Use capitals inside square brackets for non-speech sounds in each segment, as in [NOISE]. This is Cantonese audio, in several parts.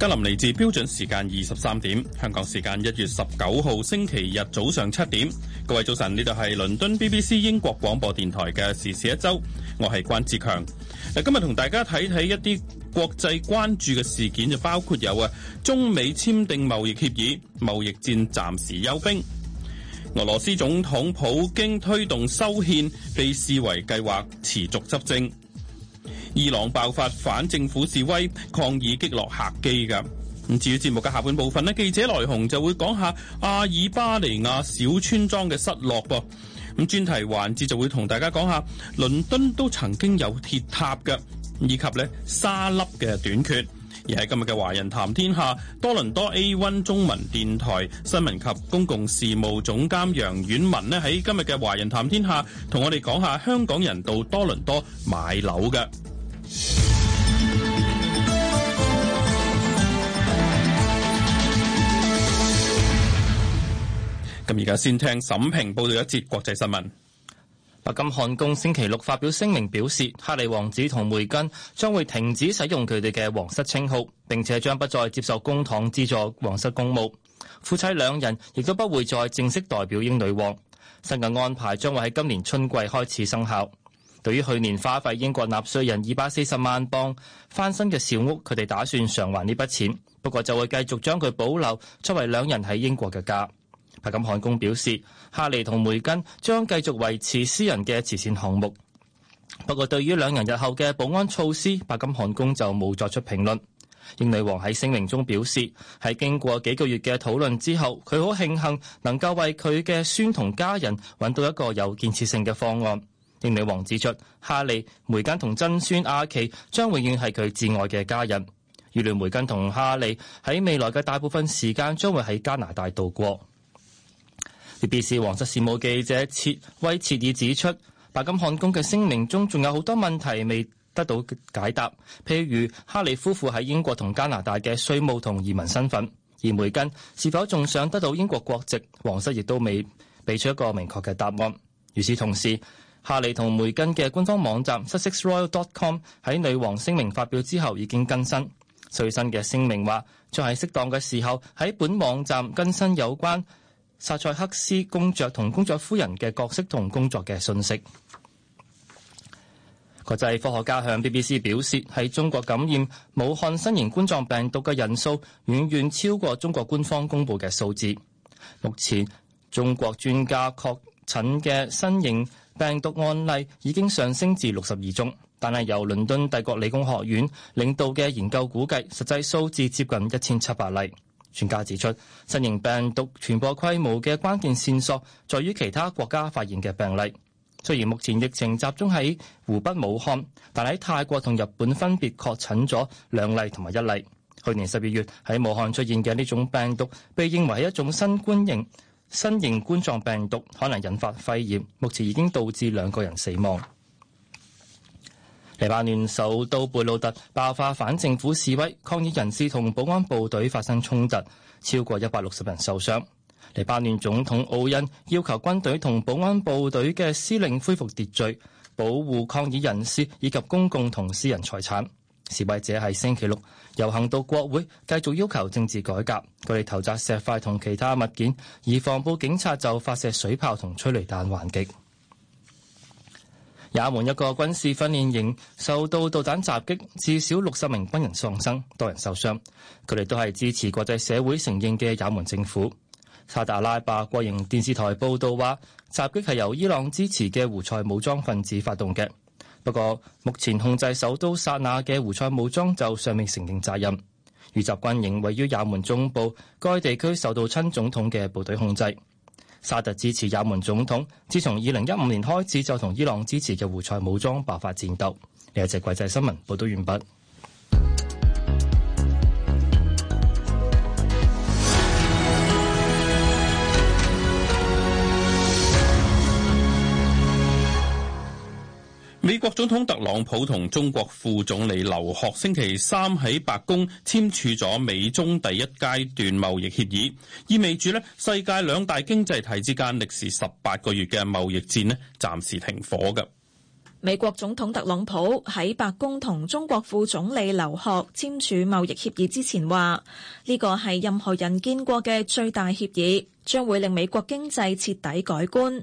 格林威治標準時間二十三點，香港時間一月十九號星期日早上七點。各位早晨，呢度係倫敦 BBC 英國廣播電台嘅時事一周，我係關志強。誒，今日同大家睇睇一啲國際關注嘅事件，就包括有啊，中美簽訂貿易協議，貿易戰暫時休兵。俄羅斯總統普京推動修憲，被視為計劃持續執政。伊朗爆發反政府示威，抗議擊落客機嘅。咁至於節目嘅下半部分咧，記者來鴻就會講下阿爾巴尼亞小村莊嘅失落噃。咁專題環節就會同大家講下，倫敦都曾經有鐵塔嘅，以及咧沙粒嘅短缺。而喺今日嘅《華人談天下》，多倫多 A One 中文電台新聞及公共事務總監楊婉文咧喺今日嘅《華人談天下》同我哋講下香港人到多倫多買樓嘅。咁而家先聽沈平報道一節國際新聞。白金漢宮星期六發表聲明表示，哈利王子同梅根將會停止使用佢哋嘅皇室稱號，並且將不再接受公帑資助皇室公務。夫妻兩人亦都不會再正式代表英女王。新嘅安排將會喺今年春季開始生效。對於去年花費英國納稅人二百四十萬磅翻新嘅小屋，佢哋打算償還呢筆錢，不過就會繼續將佢保留作為兩人喺英國嘅家。白金漢宮表示，哈利同梅根將繼續維持私人嘅慈善項目。不過，對於兩人日後嘅保安措施，白金漢宮就冇作出評論。英女王喺聲明中表示，喺經過幾個月嘅討論之後，佢好慶幸能夠為佢嘅孫同家人揾到一個有建設性嘅方案。英女王指出，哈利梅根同曾孫阿奇將永遠係佢摯愛嘅家人。預料梅根同哈利喺未來嘅大部分時間將會喺加拿大度過。BBC 皇室事務記者切威切爾指出，白金漢宮嘅聲明中仲有好多問題未得到解答，譬如哈利夫婦喺英國同加拿大嘅稅務同移民身份，而梅根是否仲想得到英國國籍，皇室亦都未俾出一個明確嘅答案。與此同時，哈利同梅根嘅官方網站 sussexroyal.com，喺女王聲明發表之後已經更新，最新嘅聲明話，將喺適當嘅時候喺本網站更新有關薩塞克斯公爵同公爵夫人嘅角色同工作嘅信息。國際科學家向 BBC 表示，喺中國感染武漢新型冠狀病毒嘅人數遠遠超過中國官方公佈嘅數字。目前中國專家確診嘅新型病毒案例已經上升至六十二宗，但係由倫敦帝國理工學院領導嘅研究估計，實際數字接近一千七百例。專家指出，新型病毒傳播規模嘅關鍵線索，在於其他國家發現嘅病例。雖然目前疫情集中喺湖北武漢，但喺泰國同日本分別確診咗兩例同埋一例。去年十二月喺武漢出現嘅呢種病毒，被認為係一種新冠型。新型冠狀病毒可能引發肺炎，目前已經導致兩個人死亡。黎巴嫩首都貝魯特爆發反政府示威，抗議人士同保安部隊發生衝突，超過一百六十人受傷。黎巴嫩總統奧恩要求軍隊同保安部隊嘅司令恢復秩序，保護抗議人士以及公共同私人財產。示威者係星期六遊行到國會繼續要求政治改革。佢哋投擲石塊同其他物件，以防暴警察就發射水炮同催淚彈還擊。也門一個軍事訓練營受到導彈襲擊，至少六十名軍人喪生，多人受傷，佢哋都係支持國際社會承認嘅也門政府。薩達拉伯國營電視台報道話，襲擊係由伊朗支持嘅胡塞武裝分子發動嘅。不過，目前控制首都薩那嘅胡塞武裝就尚未承認責任。預習軍營位於也門中部，該地區受到親總統嘅部隊控制。沙特支持也門總統，自從二零一五年開始就同伊朗支持嘅胡塞武裝爆發戰鬥。呢隻國際新聞報道完畢。美國總統特朗普同中國副總理劉鶴星期三喺白宮簽署咗美中第一階段貿易協議，意味住咧世界兩大經濟體之間歷時十八個月嘅貿易戰咧暫時停火噶。美國總統特朗普喺白宮同中國副總理劉鶴簽署貿易協議之前話，呢個係任何人見過嘅最大協議，將會令美國經濟徹底改觀。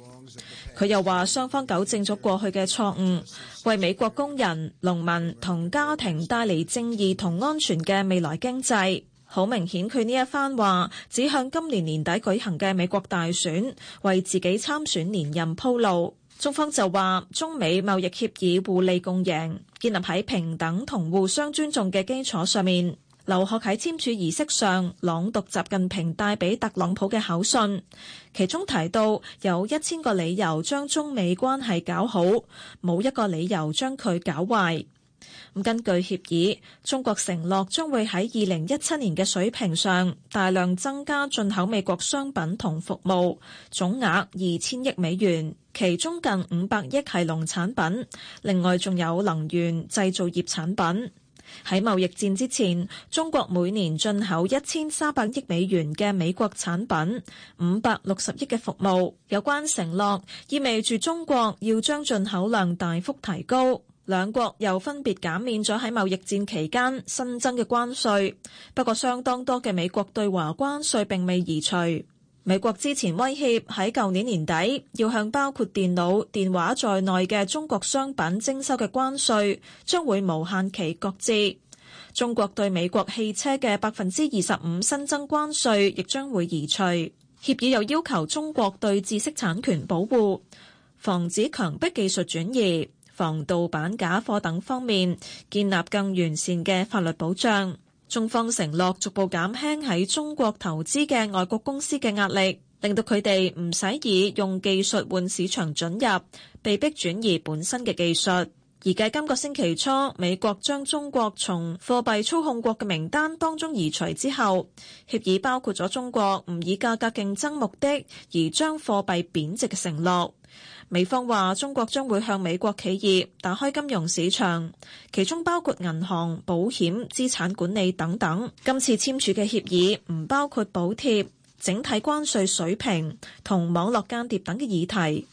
佢又話雙方糾正咗過去嘅錯誤，為美國工人、農民同家庭帶嚟正義同安全嘅未來經濟。好明顯，佢呢一番話指向今年年底舉行嘅美國大選，為自己參選連任鋪路。中方就話中美貿易協議互利共贏，建立喺平等同互相尊重嘅基礎上面。劉鶴喺簽署儀式上朗讀習近平帶俾特朗普嘅口信，其中提到有一千個理由將中美關係搞好，冇一個理由將佢搞壞。咁根據協議，中國承諾將會喺二零一七年嘅水平上大量增加進口美國商品同服務，總額二千億美元，其中近五百億係農產品，另外仲有能源、製造業產品。喺貿易戰之前，中國每年進口一千三百億美元嘅美國產品，五百六十億嘅服務。有關承諾意味住中國要將進口量大幅提高。兩國又分別減免咗喺貿易戰期間新增嘅關稅，不過相當多嘅美國對華關稅並未移除。美國之前威脅喺舊年年底要向包括電腦、電話在內嘅中國商品徵收嘅關稅將會無限期擱置。中國對美國汽車嘅百分之二十五新增關稅亦將會移除。協議又要求中國對知識產權保護、防止強迫技術轉移、防盜版假貨等方面，建立更完善嘅法律保障。中方承諾逐步減輕喺中國投資嘅外國公司嘅壓力，令到佢哋唔使以用技術換市場准入，被逼轉移本身嘅技術。而繼今個星期初美國將中國從貨幣操控國嘅名單當中移除之後，協議包括咗中國唔以價格競爭目的而將貨幣貶值嘅承諾。美方話，中國將會向美國企業打開金融市場，其中包括銀行、保險、資產管理等等。今次簽署嘅協議唔包括補貼、整體關稅水平同網絡間諜等嘅議題。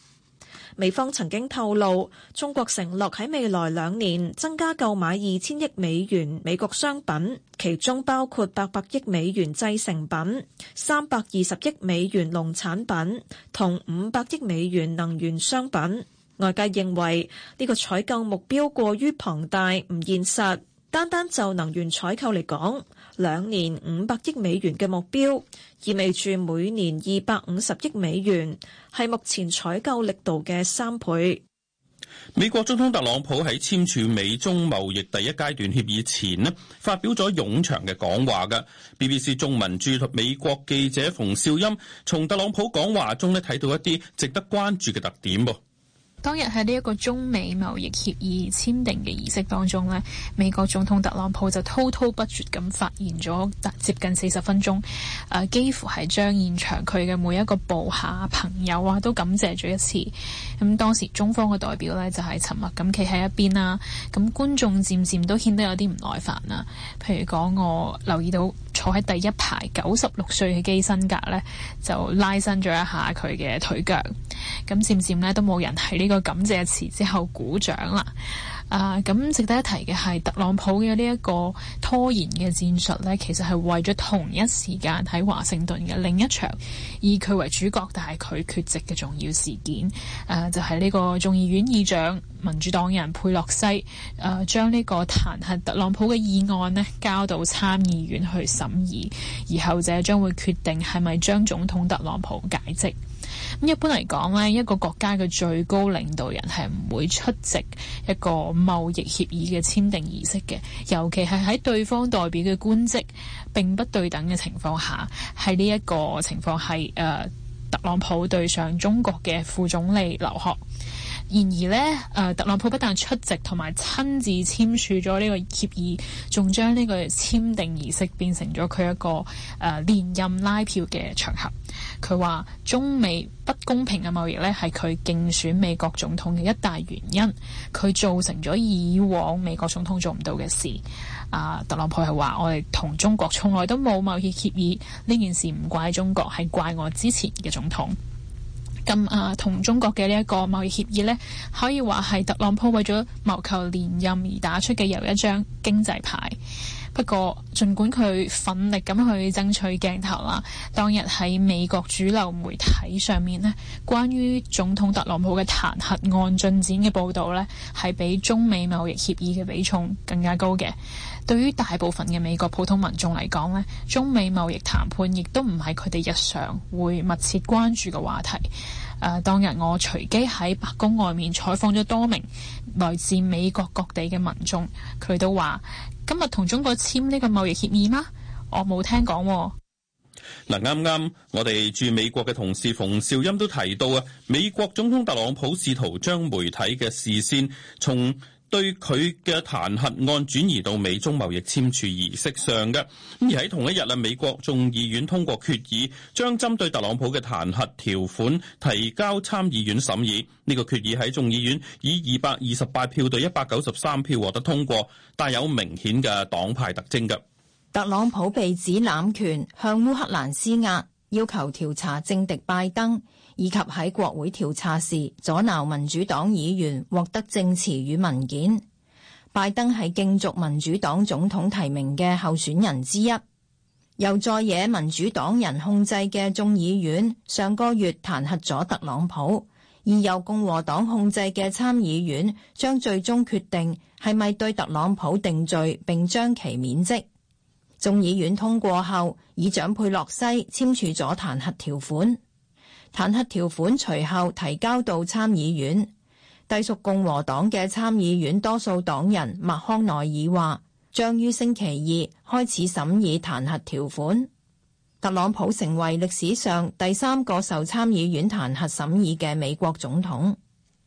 美方曾經透露，中國承諾喺未來兩年增加購買二千億美元美國商品，其中包括八百億美元製成品、三百二十億美元農產品同五百億美元能源商品。外界認為呢個採購目標過於龐大，唔現實。單單就能源採購嚟講。兩年五百億美元嘅目標，意味住每年二百五十億美元係目前採購力度嘅三倍。美國總統特朗普喺簽署美中貿易第一階段協議前咧，發表咗冗長嘅講話嘅。BBC 中文駐美國記者馮少音從特朗普講話中咧睇到一啲值得關注嘅特點。當日喺呢一個中美貿易協議簽訂嘅儀式當中呢，美國總統特朗普就滔滔不絕咁發言咗接近四十分鐘，誒、呃，幾乎係將現場佢嘅每一個部下、朋友啊，都感謝咗一次。咁當時中方嘅代表咧就係沉默咁企喺一邊啦，咁觀眾漸漸都顯得有啲唔耐煩啦。譬如講，我留意到坐喺第一排九十六歲嘅基辛格呢，就拉伸咗一下佢嘅腿腳。咁漸漸呢，都冇人喺呢個感謝詞之後鼓掌啦。啊，咁值得一提嘅係特朗普嘅呢一個拖延嘅戰術咧，其實，係為咗同一時間喺華盛頓嘅另一場以佢為主角但係佢缺席嘅重要事件，誒、啊、就係、是、呢個眾議院議長民主黨人佩洛西誒、啊、將呢個彈劾特朗普嘅議案咧交到參議院去審議，而後者將會決定係咪將總統特朗普解職。一般嚟講咧，一個國家嘅最高領導人係唔會出席一個貿易協議嘅簽訂儀式嘅，尤其係喺對方代表嘅官職並不對等嘅情況下，喺呢一個情況係誒特朗普對上中國嘅副總理劉鶴。然而呢，誒特朗普不但出席同埋親自簽署咗呢個協議，仲將呢個簽訂儀式變成咗佢一個誒、呃、連任拉票嘅場合。佢話，中美不公平嘅貿易呢，係佢競選美國總統嘅一大原因，佢造成咗以往美國總統做唔到嘅事。啊、呃，特朗普係話，我哋同中國從來都冇貿易協議，呢件事唔怪中國，係怪我之前嘅總統。咁啊，同、嗯、中國嘅呢一個貿易協議呢，可以話係特朗普為咗謀求連任而打出嘅又一張經濟牌。不過，儘管佢奮力咁去爭取鏡頭啦，當日喺美國主流媒體上面呢，關於總統特朗普嘅彈劾案進展嘅報導呢，係比中美貿易協議嘅比重更加高嘅。對於大部分嘅美國普通民眾嚟講呢，中美貿易談判亦都唔係佢哋日常會密切關注嘅話題。誒、呃，當日我隨機喺白宮外面採訪咗多名來自美國各地嘅民眾，佢都話：今日同中國簽呢個貿易協議嗎？我冇聽講、哦。嗱，啱啱我哋駐美國嘅同事馮兆音都提到啊，美國總統特朗普試圖將媒體嘅視線從對佢嘅彈劾案轉移到美中貿易簽署儀式上嘅，咁而喺同一日啊，美國眾議院通過決議，將針對特朗普嘅彈劾條款提交參議院審議。呢個決議喺眾議院以二百二十八票對一百九十三票獲得通過，帶有明顯嘅黨派特徵嘅。特朗普被指濫權向烏克蘭施壓，要求調查政敵拜登。以及喺國會調查時阻撓民主黨議員獲得證詞與文件。拜登係競逐民主黨總統提名嘅候選人之一，由在野民主黨人控制嘅眾議院上個月彈劾咗特朗普，而由共和黨控制嘅參議院將最終決定係咪對特朗普定罪並將其免職。眾議院通過後，議長佩洛西簽署咗彈劾條款。彈劾條款隨後提交到參議院，隸屬共和黨嘅參議院多數黨人麥康奈爾話，將於星期二開始審議彈劾條款。特朗普成為歷史上第三個受參議院彈劾審議嘅美國總統。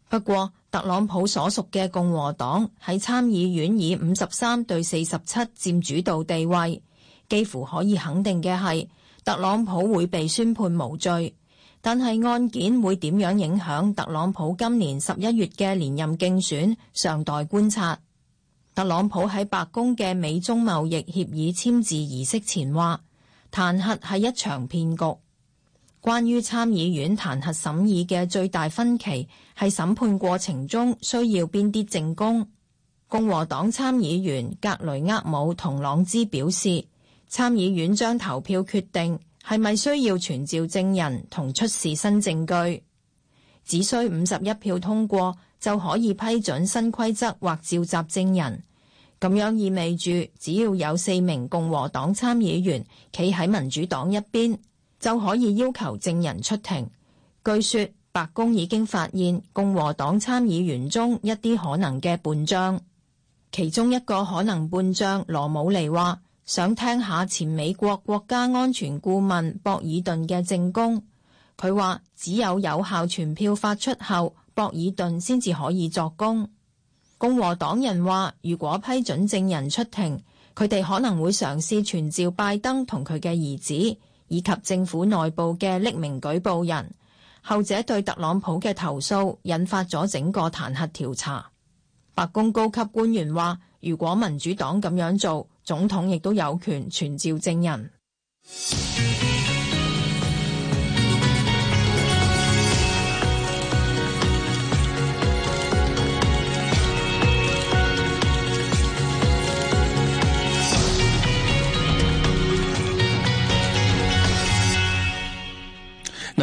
不過，特朗普所屬嘅共和黨喺參議院以五十三對四十七佔主導地位，幾乎可以肯定嘅係，特朗普會被宣判無罪。但係案件會點樣影響特朗普今年十一月嘅連任競選，尚待觀察。特朗普喺白宮嘅美中貿易協議簽字儀式前話，彈劾係一場騙局。關於參議院彈劾審議嘅最大分歧，係審判過程中需要邊啲證供。共和黨參議員格雷厄姆同朗茲表示，參議院將投票決定。係咪需要傳召證人同出示新證據？只需五十一票通過就可以批准新規則或召集證人。咁樣意味住，只要有四名共和黨參議員企喺民主黨一邊，就可以要求證人出庭。據說白宮已經發現共和黨參議員中一啲可能嘅叛將，其中一個可能叛將羅姆尼話。想聽下前美國國家安全顧問博爾頓嘅證供，佢話，只有有效傳票發出後，博爾頓先至可以作供。共和黨人話，如果批准證人出庭，佢哋可能會嘗試傳召拜登同佢嘅兒子，以及政府內部嘅匿名舉報人，後者對特朗普嘅投訴，引發咗整個彈劾調查。白宮高級官員話。如果民主黨咁樣做，總統亦都有權傳召證人。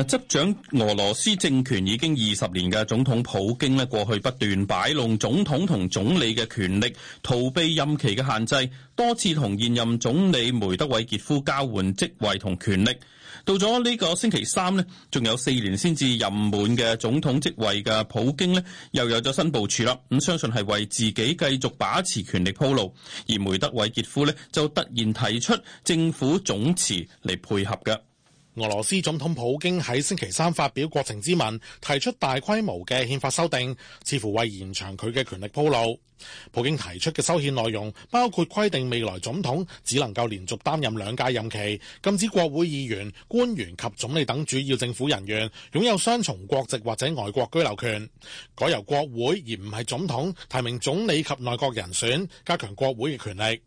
執掌俄羅斯政權已經二十年嘅總統普京呢，過去不斷擺弄總統同總理嘅權力，逃避任期嘅限制，多次同現任總理梅德韋傑夫交換職位同權力。到咗呢個星期三呢，仲有四年先至任滿嘅總統職位嘅普京呢，又有咗新部署啦。咁相信係為自己繼續把持權力鋪路，而梅德韋傑夫呢就突然提出政府總辭嚟配合嘅。俄羅斯總統普京喺星期三發表國情咨文，提出大規模嘅憲法修訂，似乎為延長佢嘅權力鋪路。普京提出嘅修憲內容包括規定未來總統只能夠連續擔任兩屆任期，禁止國會議員、官員及總理等主要政府人員擁有雙重國籍或者外國居留權，改由國會而唔係總統提名總理及內閣人選，加強國會嘅權力。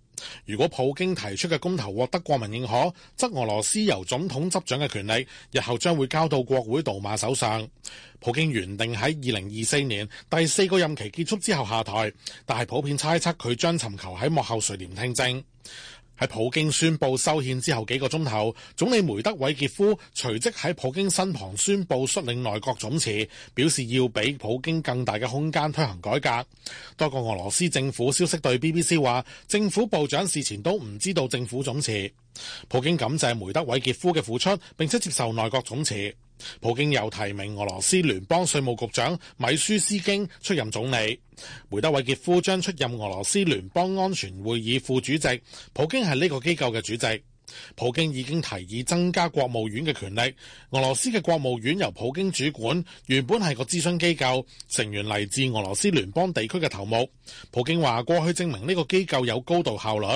如果普京提出嘅公投獲得國民認可，則俄羅斯由總統執掌嘅權力，日後將會交到國會杜馬手上。普京原定喺二零二四年第四個任期結束之後下台，但係普遍猜測佢將尋求喺幕後垂簾聽政。喺普京宣布修憲之後幾個鐘頭，總理梅德韋傑夫隨即喺普京身旁宣布率領內閣總辭，表示要俾普京更大嘅空間推行改革。多個俄羅斯政府消息對 BBC 話，政府部長事前都唔知道政府總辭。普京感謝梅德韋傑夫嘅付出，並且接受內閣總辭。普京又提名俄羅斯聯邦稅務局長米舒斯京出任總理，梅德韋傑夫將出任俄羅斯聯邦安全會議副主席。普京係呢個機構嘅主席。普京已經提議增加國務院嘅權力。俄羅斯嘅國務院由普京主管，原本係個諮詢機構，成員嚟自俄羅斯聯邦地區嘅頭目。普京話過去證明呢個機構有高度效率。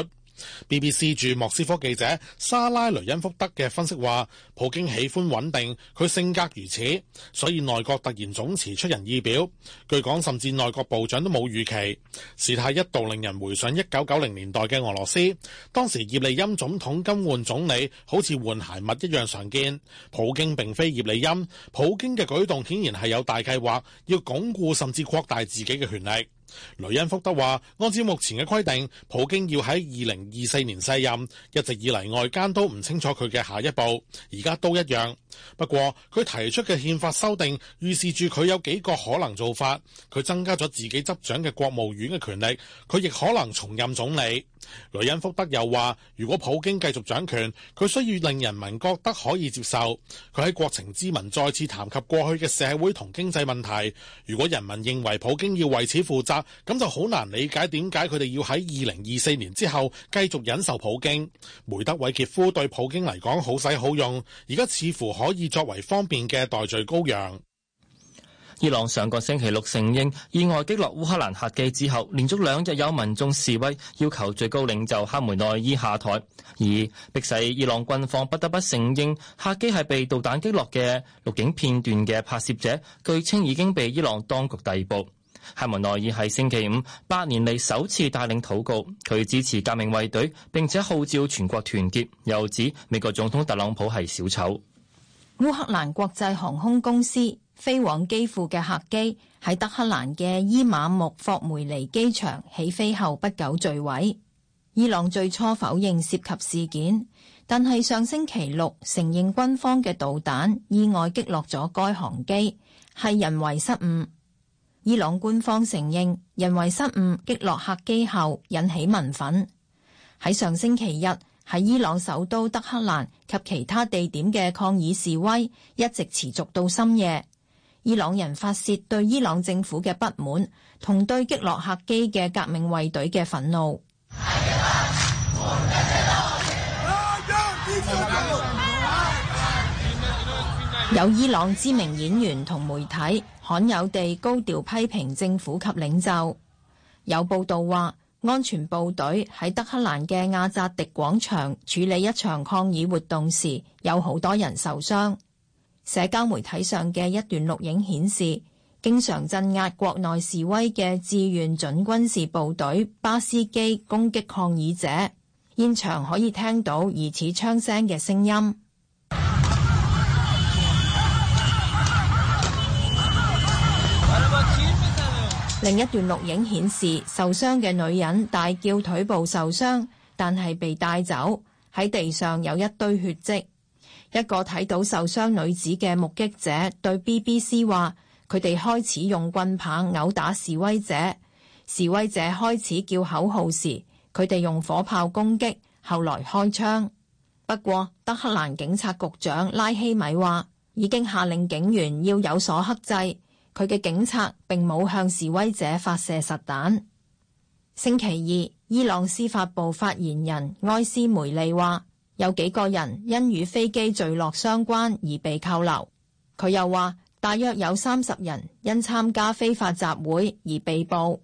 BBC 駐莫斯科記者莎拉雷恩福德嘅分析話：普京喜歡穩定，佢性格如此，所以內閣突然總辭出人意表。據講，甚至內閣部長都冇預期。事態一度令人回想一九九零年代嘅俄羅斯，當時葉利欽總統更換總理，好似換鞋襪一樣常見。普京並非葉利欽，普京嘅舉動顯然係有大計劃，要鞏固甚至擴大自己嘅權力。雷恩福德話，按照目前嘅規定，普京要喺二零二四年卸任，一直以嚟外間都唔清楚佢嘅下一步，而家都一樣。不過佢提出嘅憲法修訂預示住佢有幾個可能做法，佢增加咗自己執掌嘅國務院嘅權力，佢亦可能重任總理。雷恩福德又話，如果普京繼續掌權，佢需要令人民覺得可以接受。佢喺國情咨文再次談及過去嘅社會同經濟問題，如果人民認為普京要為此負責，咁就好難理解點解佢哋要喺二零二四年之後繼續忍受普京。梅德韋傑夫對普京嚟講好使好用，而家似乎可以作為方便嘅代罪羔羊。伊朗上個星期六承認意外擊落烏克蘭客機之後，連續兩日有民眾示威，要求最高領袖哈梅內伊下台，而迫使伊朗軍方不得不承認客機係被導彈擊落嘅錄影片段嘅拍攝者據稱已經被伊朗當局逮捕。哈梅內伊喺星期五八年嚟首次帶領禱告，佢支持革命衛隊，並且號召全國團結，又指美國總統特朗普係小丑。烏克蘭國際航空公司飛往基輔嘅客機喺德黑蘭嘅伊馬木霍梅尼機場起飛後不久墜毀。伊朗最初否認涉及事件，但係上星期六承認軍方嘅導彈意外擊落咗該航機，係人為失誤。伊朗官方承認人為失誤擊落客機後引起民憤。喺上星期日。喺伊朗首都德黑蘭及其他地點嘅抗議示威一直持續到深夜。伊朗人發洩對伊朗政府嘅不滿同對擊落客機嘅革命衛隊嘅憤怒。 [NOISE] 有伊朗知名演員同媒體罕有地高調批評政府及領袖。有報道話。安全部隊喺德黑蘭嘅亞扎迪廣場處理一場抗議活動時，有好多人受傷。社交媒體上嘅一段錄影顯示，經常鎮壓國內示威嘅志願準軍事部隊巴斯基攻擊抗議者，現場可以聽到疑似槍聲嘅聲音。另一段錄影顯示，受傷嘅女人大叫腿部受傷，但係被帶走，喺地上有一堆血跡。一個睇到受傷女子嘅目擊者對 BBC 話，佢哋開始用棍棒毆打示威者，示威者開始叫口號時，佢哋用火炮攻擊，後來開槍。不過，德克蘭警察局長拉希米話已經下令警員要有所克制。佢嘅警察並冇向示威者發射實彈。星期二，伊朗司法部發言人埃斯梅利話，有幾個人因與飛機墜落相關而被扣留。佢又話，大約有三十人因參加非法集會而被捕。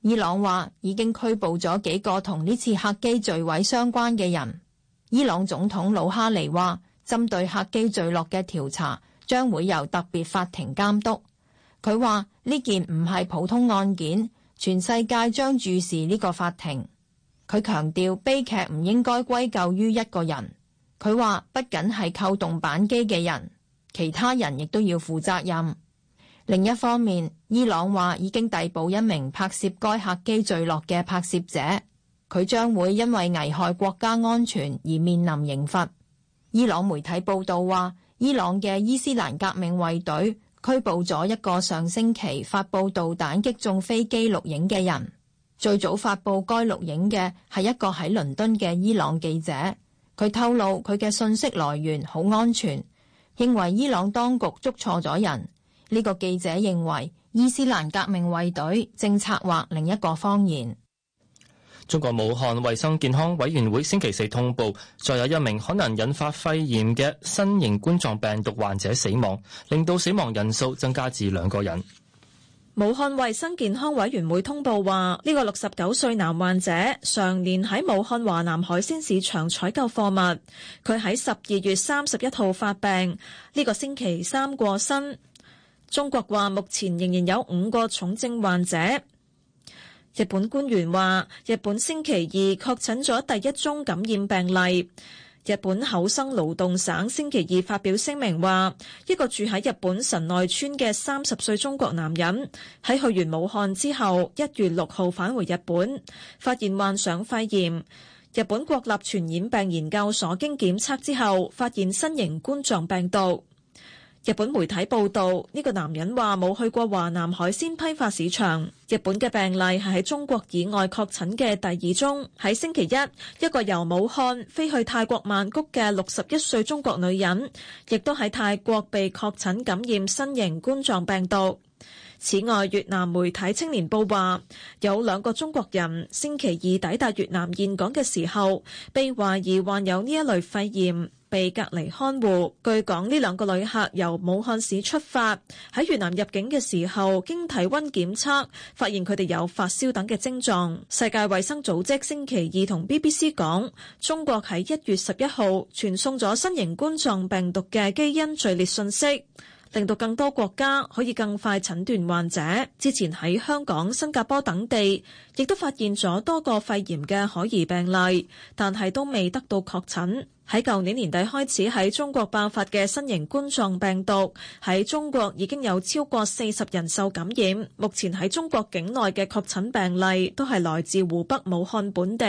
伊朗話已經拘捕咗幾個同呢次客機墜毀相關嘅人。伊朗總統魯哈尼話，針對客機墜落嘅調查將會由特別法庭監督。佢話呢件唔係普通案件，全世界將注視呢個法庭。佢強調悲劇唔應該歸咎於一個人。佢話不僅係扣動扳機嘅人，其他人亦都要負責任。另一方面，伊朗話已經逮捕一名拍攝該客機墜落嘅拍攝者，佢將會因為危害國家安全而面臨刑罰。伊朗媒體報道話，伊朗嘅伊斯蘭革命衛隊，拘捕咗一個上星期發佈導彈擊中飛機錄影嘅人。最早發佈該錄影嘅係一個喺倫敦嘅伊朗記者，佢透露佢嘅信息來源好安全，認為伊朗當局捉錯咗人。呢個記者認為伊斯蘭革命衛隊正策劃另一個謊言。中國武漢衛生健康委員會星期四通報，再有一名可能引發肺炎嘅新型冠狀病毒患者死亡，令到死亡人數增加至兩個人。武漢衛生健康委員會通報話，呢個六十九歲男患者常年喺武漢華南海鮮市場採購貨物，佢喺十二月三十一號發病，呢個星期三過身。中國話目前仍然有五個重症患者。日本官員話：日本星期二確診咗第一宗感染病例。日本厚生勞動省星期二發表聲明話，一個住喺日本神奈川嘅三十歲中國男人喺去完武漢之後，一月六號返回日本，發現患上肺炎。日本國立傳染病研究所經檢測之後，發現新型冠狀病毒。日本媒體報道，呢、這個男人話冇去過華南海鮮批發市場，日本嘅病例係喺中國以外確診嘅第二宗。喺星期一，一個由武漢飛去泰國曼谷嘅六十一歲中國女人，亦都喺泰國被確診感染新型冠狀病毒。此外，越南媒體《青年報》話，有兩個中國人星期二抵達越南峴港嘅時候，被懷疑患有呢一類肺炎。被隔離看護。據講，呢兩個旅客由武漢市出發，喺越南入境嘅時候，經體温檢測，發現佢哋有發燒等嘅症狀。世界衛生組織星期二同 BBC 講，中國喺一月十一號傳送咗新型冠狀病毒嘅基因序列信息，令到更多國家可以更快診斷患者。之前喺香港、新加坡等地，亦都發現咗多個肺炎嘅可疑病例，但係都未得到確診。喺舊年年底開始喺中國爆發嘅新型冠狀病毒，喺中國已經有超過四十人受感染。目前喺中國境內嘅確診病例都係來自湖北武漢本地，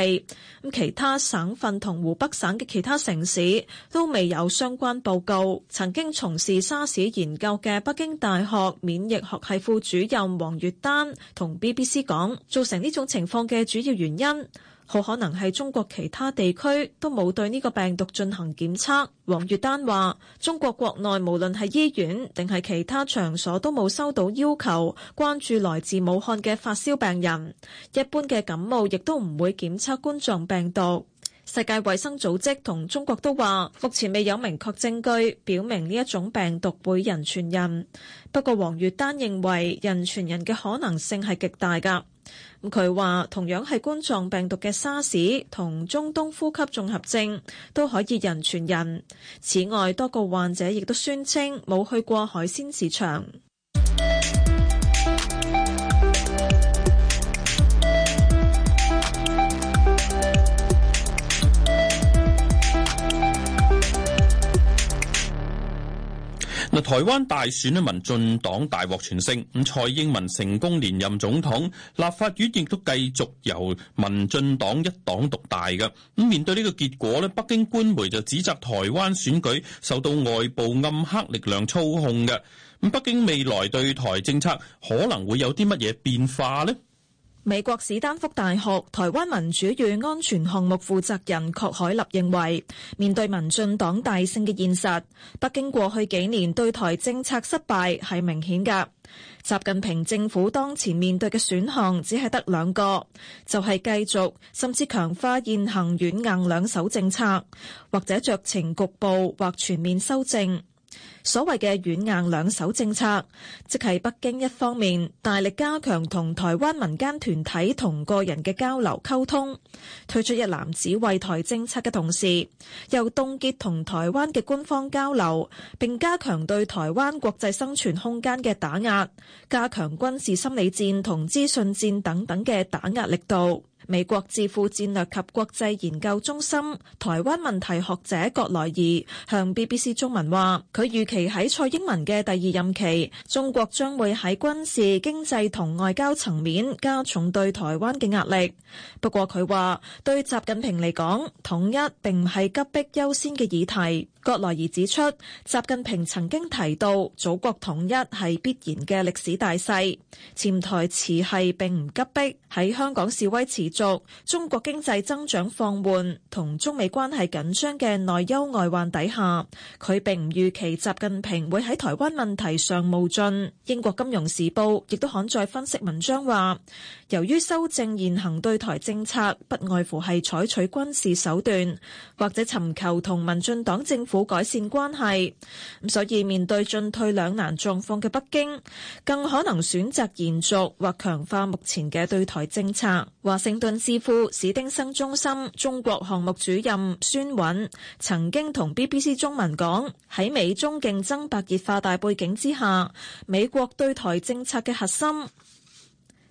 咁其他省份同湖北省嘅其他城市都未有相關報告。曾經從事沙士研究嘅北京大學免疫學系副主任王月丹同 BBC 講，造成呢種情況嘅主要原因。好可能係中國其他地區都冇對呢個病毒進行檢測。王月丹話：中國國內無論係醫院定係其他場所都冇收到要求關注來自武漢嘅發燒病人。一般嘅感冒亦都唔會檢測冠狀病毒。世界衛生組織同中國都話，目前未有明確證據表明呢一種病毒會人傳人。不過王月丹認為人傳人嘅可能性係極大㗎。佢話同樣係冠狀病毒嘅沙士同中東呼吸綜合症都可以人傳人。此外，多個患者亦都宣稱冇去過海鮮市場。台灣大選呢，民進黨大獲全勝，咁蔡英文成功連任總統，立法院亦都繼續由民進黨一黨獨大嘅。咁面對呢個結果呢，北京官媒就指責台灣選舉受到外部暗黑力量操控嘅。咁北京未來對台政策可能會有啲乜嘢變化呢？美國史丹福大學台灣民主與安全項目負責人確海立認為，面對民進黨大勝嘅現實，北京過去幾年對台政策失敗係明顯㗎。習近平政府當前面對嘅選項只係得兩個，就係、是、繼續甚至強化現行軟硬兩手政策，或者酌情局部或全面修正。所謂嘅軟硬兩手政策，即係北京一方面大力加強同台灣民間團體同個人嘅交流溝通，推出一籃子惠台政策嘅同時，又凍結同台灣嘅官方交流，並加強對台灣國際生存空間嘅打壓，加強軍事、心理戰同資訊戰等等嘅打壓力度。美國智庫戰略及國際研究中心台灣問題學者葛來儀向 BBC 中文話：佢預期喺蔡英文嘅第二任期，中國將會喺軍事、經濟同外交層面加重對台灣嘅壓力。不過佢話對習近平嚟講，統一並唔係急迫優先嘅議題。葛來儀指出，習近平曾經提到祖國統一係必然嘅歷史大勢，潛台詞係並唔急迫。喺香港示威持中國經濟增長放緩同中美關係緊張嘅內憂外患底下，佢並唔預期習近平會喺台灣問題上冒進。英國金融時報亦都刊載分析文章話，由於修正現行對台政策，不外乎係採取軍事手段或者尋求同民進黨政府改善關係，咁所以面對進退兩難狀況嘅北京，更可能選擇延續或強化目前嘅對台政策。華盛頓。軍師傅史汀生中心中國項目主任孫韻曾經同 BBC 中文講，喺美中競爭白熱化大背景之下，美國對台政策嘅核心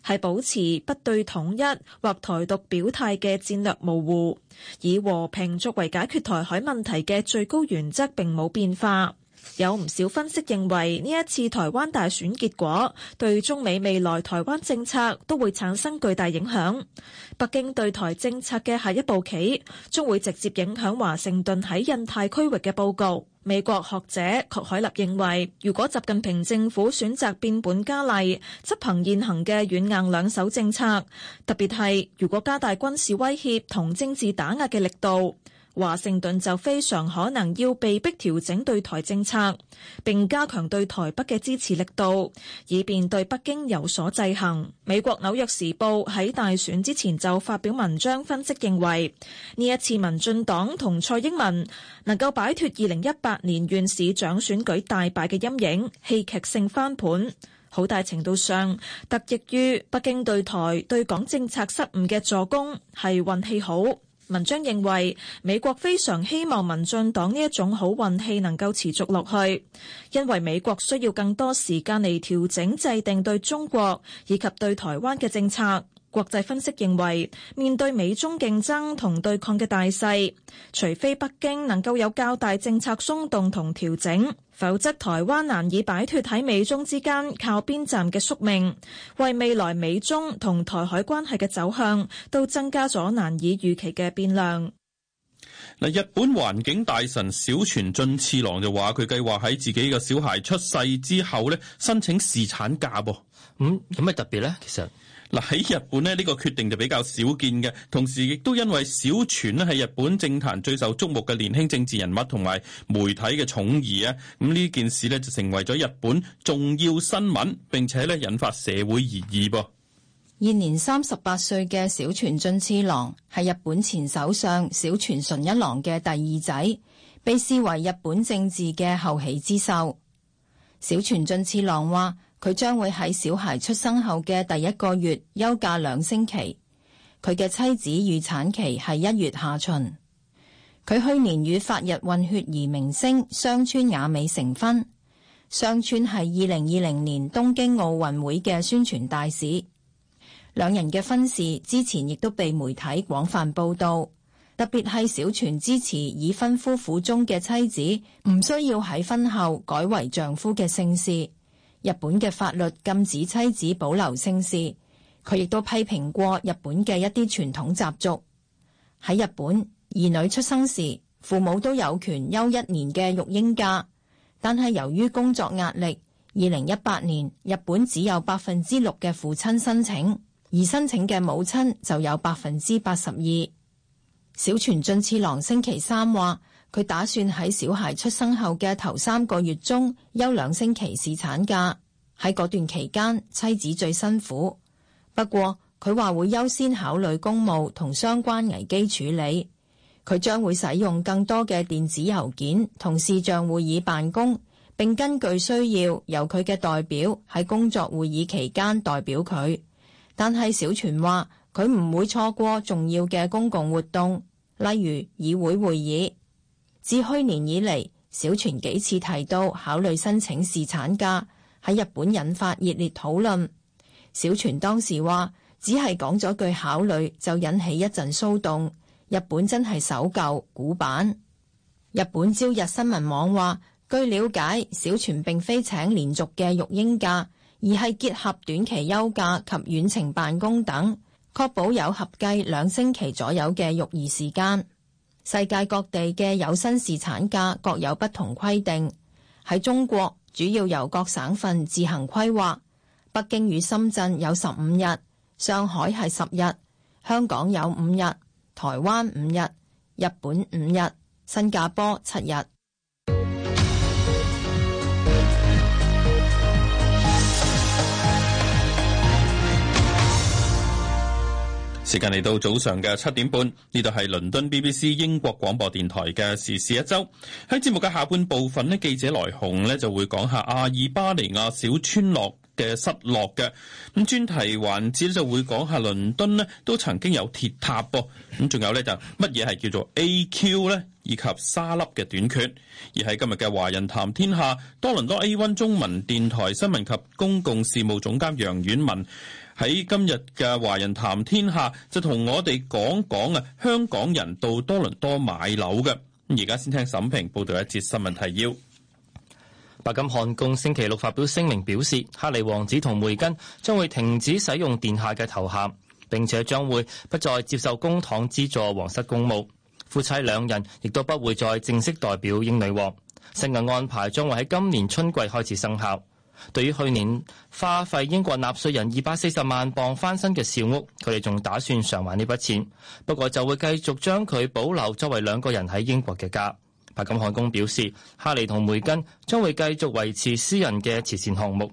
係保持不對統一或台獨表態嘅戰略模糊，以和平作為解決台海問題嘅最高原則，並冇變化。有唔少分析認為呢一次台灣大選結果對中美未來台灣政策都會產生巨大影響，北京對台政策嘅下一步棋，將會直接影響華盛頓喺印太區域嘅佈局，美國學者郭海立認為如果習近平政府選擇變本加厲執行現行嘅軟硬兩手政策，特別係如果加大軍事威脅同政治打壓嘅力度。華盛頓就非常可能要被迫調整對台政策，並加強對台北嘅支持力度，以便對北京有所制衡。美國紐約時報喺大選之前就發表文章分析，認為呢一次民進黨同蔡英文能夠擺脫二零一八年縣市長選舉大敗嘅陰影，戲劇性翻盤，好大程度上得益於北京對台對港政策失誤嘅助攻，係運氣好。文章認為，美國非常希望民進黨呢一種好運氣能夠持續落去，因為美國需要更多時間嚟調整制定對中國以及對台灣嘅政策。國際分析認為，面對美中競爭同對抗嘅大勢，除非北京能夠有較大政策鬆動同調整，否則台灣難以擺脱喺美中之間靠邊站嘅宿命，為未來美中同台海關係嘅走向都增加咗難以預期嘅變量。嗱，日本環境大臣小泉進次郎就話：佢計劃喺自己嘅小孩出世之後咧，申請侍產假。咁、嗯、有咩特別呢？其實。嗱，喺日本咧，呢、這個決定就比較少見嘅。同時亦都因為小泉咧係日本政壇最受矚目嘅年輕政治人物，同埋媒體嘅寵兒啊，咁呢件事咧就成為咗日本重要新聞，並且咧引發社會熱議。現年三十八歲嘅小泉進次郎係日本前首相小泉純一郎嘅第二仔，被視為日本政治嘅後起之秀。小泉進次郎話。佢將會喺小孩出生後嘅第一個月休假兩星期。佢嘅妻子預產期係一月下旬。佢去年與法日混血兒明星瀧川雅美成婚。瀧川係二零二零年東京奧運會嘅宣傳大使。兩人嘅婚事之前亦都被媒體廣泛報道，特別係小泉支持已婚夫婦中嘅妻子唔需要喺婚後改為丈夫嘅姓氏。日本嘅法律禁止妻子保留姓氏，佢亦都批評過日本嘅一啲傳統習俗。喺日本，兒女出生時，父母都有權休一年嘅育嬰假，但係由於工作壓力，二零一八年日本只有百分之六嘅父親申請，而申請嘅母親就有百分之八十二。小泉進次郎星期三話。佢打算喺小孩出生後嘅頭三個月中休兩星期侍產假。喺嗰段期間，妻子最辛苦。不過，佢話會優先考慮公務同相關危機處理。佢將會使用更多嘅電子郵件同視像會議辦公，並根據需要由佢嘅代表喺工作會議期間代表佢。但係小泉話，佢唔會錯過重要嘅公共活動，例如議會會議。自去年以嚟，小泉幾次提到考慮申請侍產假，喺日本引發熱烈討論。小泉當時話，只係講咗句考慮，就引起一陣騷動。日本真係守舊古板。日本朝日新聞網話，據了解，小泉並非請連續嘅育嬰假，而係結合短期休假及遠程辦公等，確保有合計兩星期左右嘅育兒時間。世界各地嘅有薪侍產假各有不同規定，喺中國，主要由各省份自行規劃。北京與深圳有十五日，上海係十日，香港有五日，台灣五日，日本五日，新加坡七日。時間嚟到早上嘅七點半，呢度係倫敦 BBC 英國廣播電台嘅時事一周。喺節目嘅下半部分呢，記者來鴻呢就會講下阿爾巴尼亞小村落嘅失落嘅。咁專題環節就會講下倫敦呢都曾經有鐵塔噃。咁仲有呢，就乜嘢係叫做 AQ 呢，以及沙粒嘅短缺。而喺今日嘅華人談天下，多倫多 A One 中文電台新聞及公共事務總監楊婉文。喺今日嘅華人談天下就同我哋講講啊，香港人到多倫多買樓嘅，而家先聽沈平報道一節新聞提要。白金漢宮星期六發表聲明表示，哈利王子同梅根將會停止使用殿下嘅頭銜，並且將會不再接受公帑資助皇室公務，夫妻兩人亦都不會再正式代表英女王。新嘅安排將會喺今年春季開始生效。對於去年花費英國納稅人二百四十萬鎊翻新嘅小屋，佢哋仲打算償還呢筆錢，不過就會繼續將佢保留作為兩個人喺英國嘅家。白金漢宮表示，哈里同梅根將會繼續維持私人嘅慈善項目，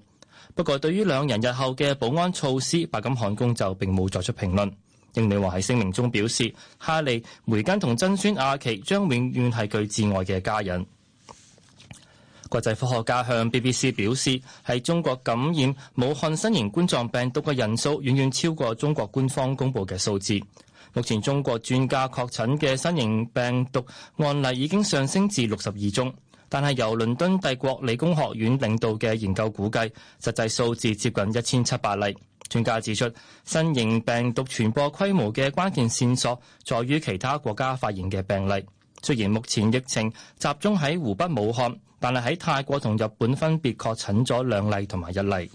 不過對於兩人日後嘅保安措施，白金漢宮就並冇作出評論。英女王喺聲明中表示，哈里、梅根同曾孫阿奇將永遠係佢摯愛嘅家人。國際科學家向 BBC 表示，喺中國感染武漢新型冠狀病毒嘅人數遠遠超過中國官方公布嘅數字。目前中國專家確診嘅新型病毒案例已經上升至六十二宗，但係由倫敦帝國理工學院領導嘅研究估計，實際數字接近一千七百例。專家指出，新型病毒傳播規模嘅關鍵線索在於其他國家發現嘅病例。雖然目前疫情集中喺湖北武漢。但係喺泰國同日本分別確診咗兩例同埋一例。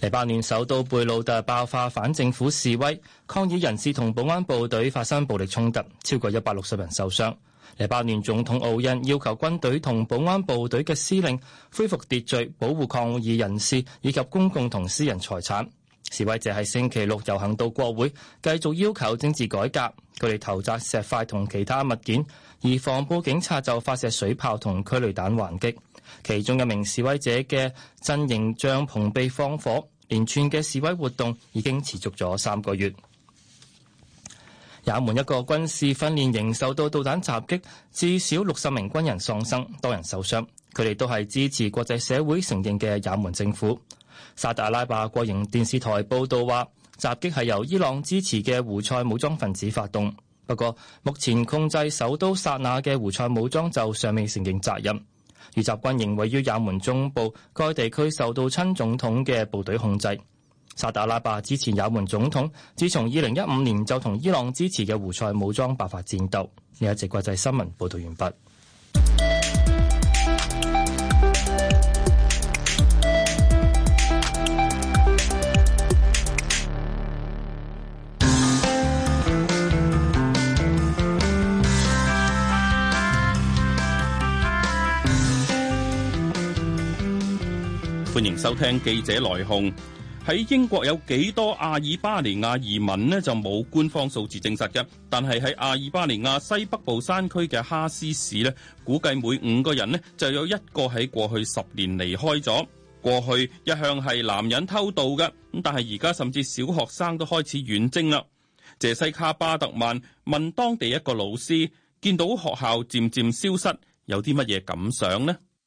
黎巴嫩首都貝魯特爆發反政府示威，抗議人士同保安部隊發生暴力衝突，超過一百六十人受傷。黎巴嫩總統奧恩要求軍隊同保安部隊嘅司令恢復秩序，保護抗議人士以及公共同私人財產。示威者喺星期六遊行到國會，繼續要求政治改革。佢哋投擲石塊同其他物件。而防暴警察就發射水炮同催淚彈還擊，其中一名示威者嘅陣營帳篷被放火。連串嘅示威活動已經持續咗三個月。也門一個軍事訓練營受到導彈襲擊，至少六十名軍人喪生，多人受傷，佢哋都係支持國際社會承認嘅也門政府。沙特阿拉伯國營電視台報道話襲擊係由伊朗支持嘅胡塞武裝分子發動。不過，目前控制首都薩那嘅胡塞武裝就尚未承認責任。而集軍仍位於也門中部，該地區受到親總統嘅部隊控制。薩達拉伯支持也門總統，自從二零一五年就同伊朗支持嘅胡塞武裝爆發戰鬥。呢一集國際新聞報道完畢。收聽記者來控，喺英國有幾多阿爾巴尼亞移民呢？就冇官方數字證實嘅。但係喺阿爾巴尼亞西北部山區嘅哈斯市呢，估計每五個人呢就有一個喺過去十年離開咗。過去一向係男人偷渡嘅，咁但係而家甚至小學生都開始遠征啦。謝西卡巴特曼問當地一個老師，見到學校漸漸消失，有啲乜嘢感想呢？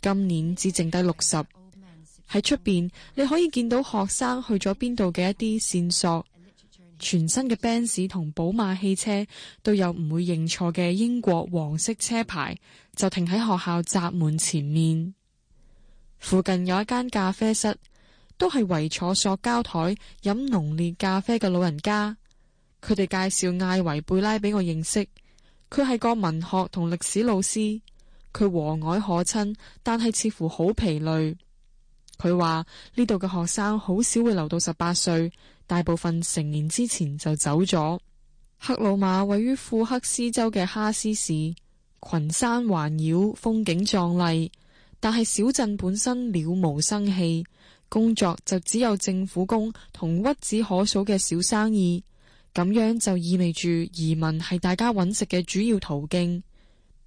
今年只剩低六十喺出邊，你可以見到學生去咗邊度嘅一啲線索。全新嘅奔馳同寶馬汽車都有唔會認錯嘅英國黃色車牌，就停喺學校閘門前面。附近有一間咖啡室，都係圍坐塑膠台飲濃烈咖啡嘅老人家。佢哋介紹艾維貝拉俾我認識，佢係個文學同歷史老師。佢和藹可親，但係似乎好疲累。佢話呢度嘅學生好少會留到十八歲，大部分成年之前就走咗。克魯馬位於庫克斯州嘅哈斯市，群山環繞，風景壯麗，但係小鎮本身了無生氣。工作就只有政府工同屈指可數嘅小生意，咁樣就意味住移民係大家搵食嘅主要途徑。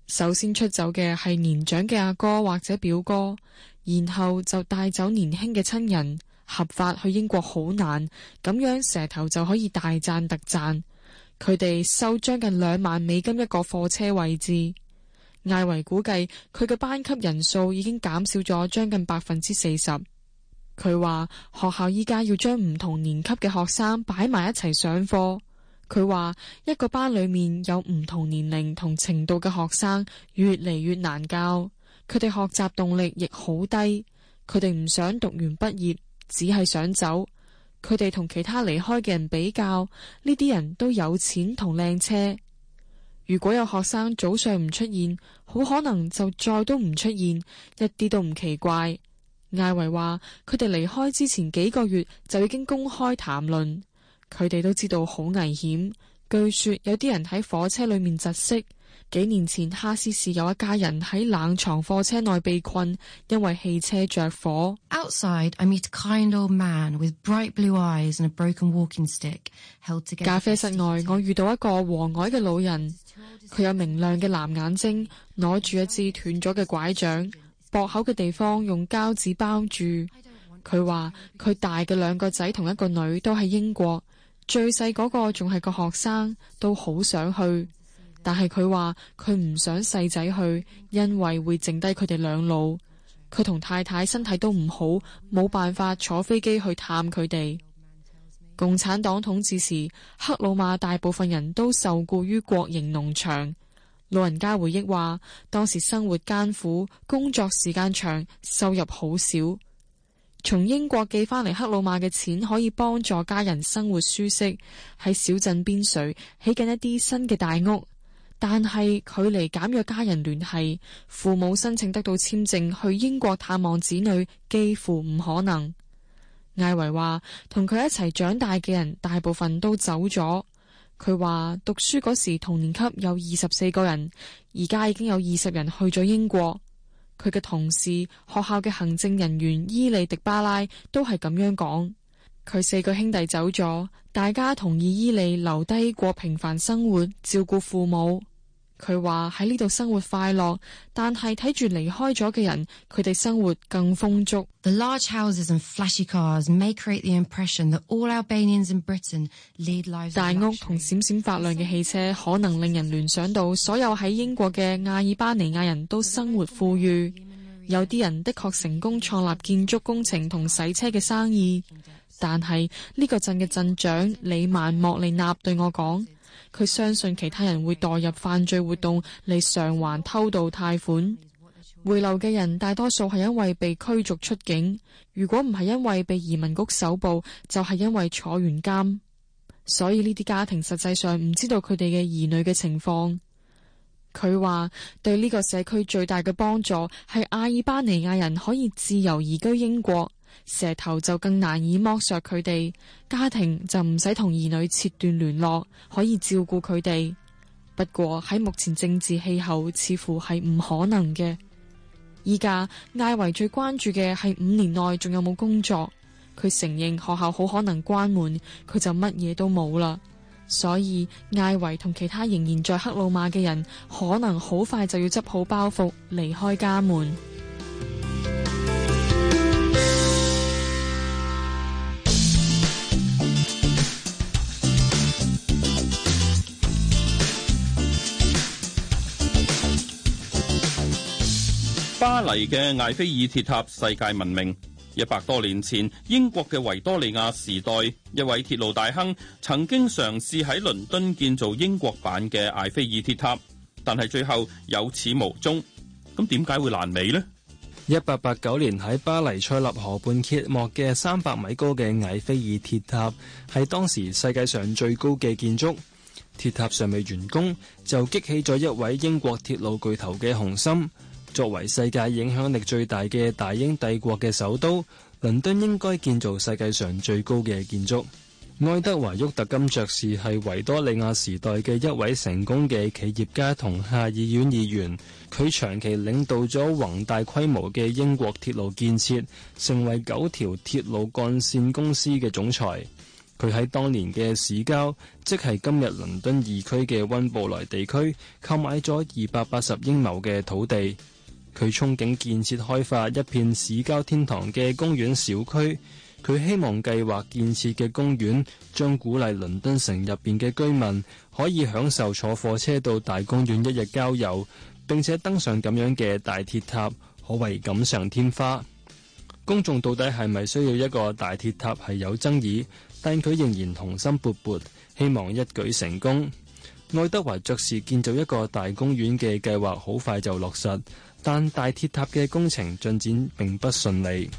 首先出走嘅係年長嘅阿哥，哥或者表哥，然後就帶走年輕嘅親人，合法去英國好難，咁樣蛇頭就可以大賺特賺，佢哋收將近兩萬美金一個貨車位置。艾維估計佢嘅班級人數已經減少咗將近百分之四十。佢話學校依家要將唔同年級嘅學生擺埋一齊上課。佢話一個班裏面有唔同年齡同程度嘅學生，越嚟越難教。佢哋學習動力亦好低，佢哋唔想讀完畢業，只係想走。佢哋同其他離開嘅人比較，呢啲人都有錢同靚車。如果有學生早上唔出現，好可能就再都唔出現，一啲都唔奇怪。艾維話，佢哋離開之前幾個月就已經公開談論。佢哋都知道好危險。據說有啲人喺火車裏面窒息。幾年前哈斯市有一家人喺冷藏貨車內被困，因為汽車着火。Stick 咖啡室外，我遇到一個和藹嘅老人，佢有明亮嘅藍眼睛，攞住一支斷咗嘅拐杖，駁口嘅地方用膠紙包住。佢話佢大嘅兩個仔同一個女都喺英國。最細嗰個仲係個學生，都好想去，但係佢話佢唔想細仔去，因為會剩低佢哋兩老。佢同太太身體都唔好，冇辦法坐飛機去探佢哋。共產黨統治時，黑魯馬大部分人都受僱於國營農場。老人家回憶話，當時生活艱苦，工作時間長，收入好少。從英國寄翻嚟克魯馬嘅錢可以幫助家人生活舒適，喺小鎮邊水起緊一啲新嘅大屋。但係距離減弱家人聯繫，父母申請得到簽證去英國探望子女幾乎唔可能。艾維話：同佢一齊長大嘅人大部分都走咗。佢話讀書嗰時，同年級有二十四個人，而家已經有二十人去咗英國。佢嘅同事、學校嘅行政人員伊利迪巴拉都係咁樣講。佢四個兄弟走咗，大家同意伊利留低過平凡生活，照顧父母。佢話喺呢度生活快樂，但係睇住離開咗嘅人，佢哋生活更豐足。大屋同閃閃發亮嘅汽車可能令人聯想到所有喺英國嘅阿爾巴尼亞人都生活富裕。有啲人的確成功創立建築工程同洗車嘅生意，但係呢個鎮嘅鎮長李曼莫利納對我講。佢相信其他人會代入犯罪活動嚟償還偷渡貸款回流嘅人，大多數係因為被驅逐出境。如果唔係因為被移民局搜捕，就係因為坐完監。所以呢啲家庭實際上唔知道佢哋嘅兒女嘅情況。佢話對呢個社區最大嘅幫助係阿爾巴尼亞人可以自由移居英國。蛇頭就更難以剝削佢哋，家庭就唔使同兒女切斷聯絡，可以照顧佢哋。不過喺目前政治氣候，似乎係唔可能嘅。而家艾維最關注嘅係五年內仲有冇工作。佢承認學校好可能關門，佢就乜嘢都冇啦。所以艾維同其他仍然在克魯馬嘅人，可能好快就要執好包袱離開家門。巴黎嘅艾菲爾鐵塔世界聞名。一百多年前，英國嘅維多利亞時代，一位鐵路大亨曾經嘗試喺倫敦建造英國版嘅艾菲爾鐵塔，但係最後有始無終。咁點解會爛尾呢？一八八九年喺巴黎塞納河畔揭幕嘅三百米高嘅艾菲爾鐵塔，係當時世界上最高嘅建築。鐵塔尚未完工，就激起咗一位英國鐵路巨頭嘅雄心。作為世界影響力最大嘅大英帝國嘅首都，倫敦應該建造世界上最高嘅建築。愛德華·沃特金爵士係維多利亞時代嘅一位成功嘅企業家同下議院議員，佢長期領導咗宏大規模嘅英國鐵路建設，成為九條鐵路幹線公司嘅總裁。佢喺當年嘅市郊，即係今日倫敦二區嘅温布萊地區，購買咗二百八十英畝嘅土地。佢憧憬建設開發一片市郊天堂嘅公園小區。佢希望計劃建設嘅公園將鼓勵倫敦城入邊嘅居民可以享受坐火車到大公園一日郊遊，並且登上咁樣嘅大鐵塔，可謂錦上添花。公眾到底係咪需要一個大鐵塔係有爭議，但佢仍然雄心勃勃，希望一舉成功。愛德華爵士建造一個大公園嘅計劃好快就落實。但大鐵塔嘅工程進展並不順利。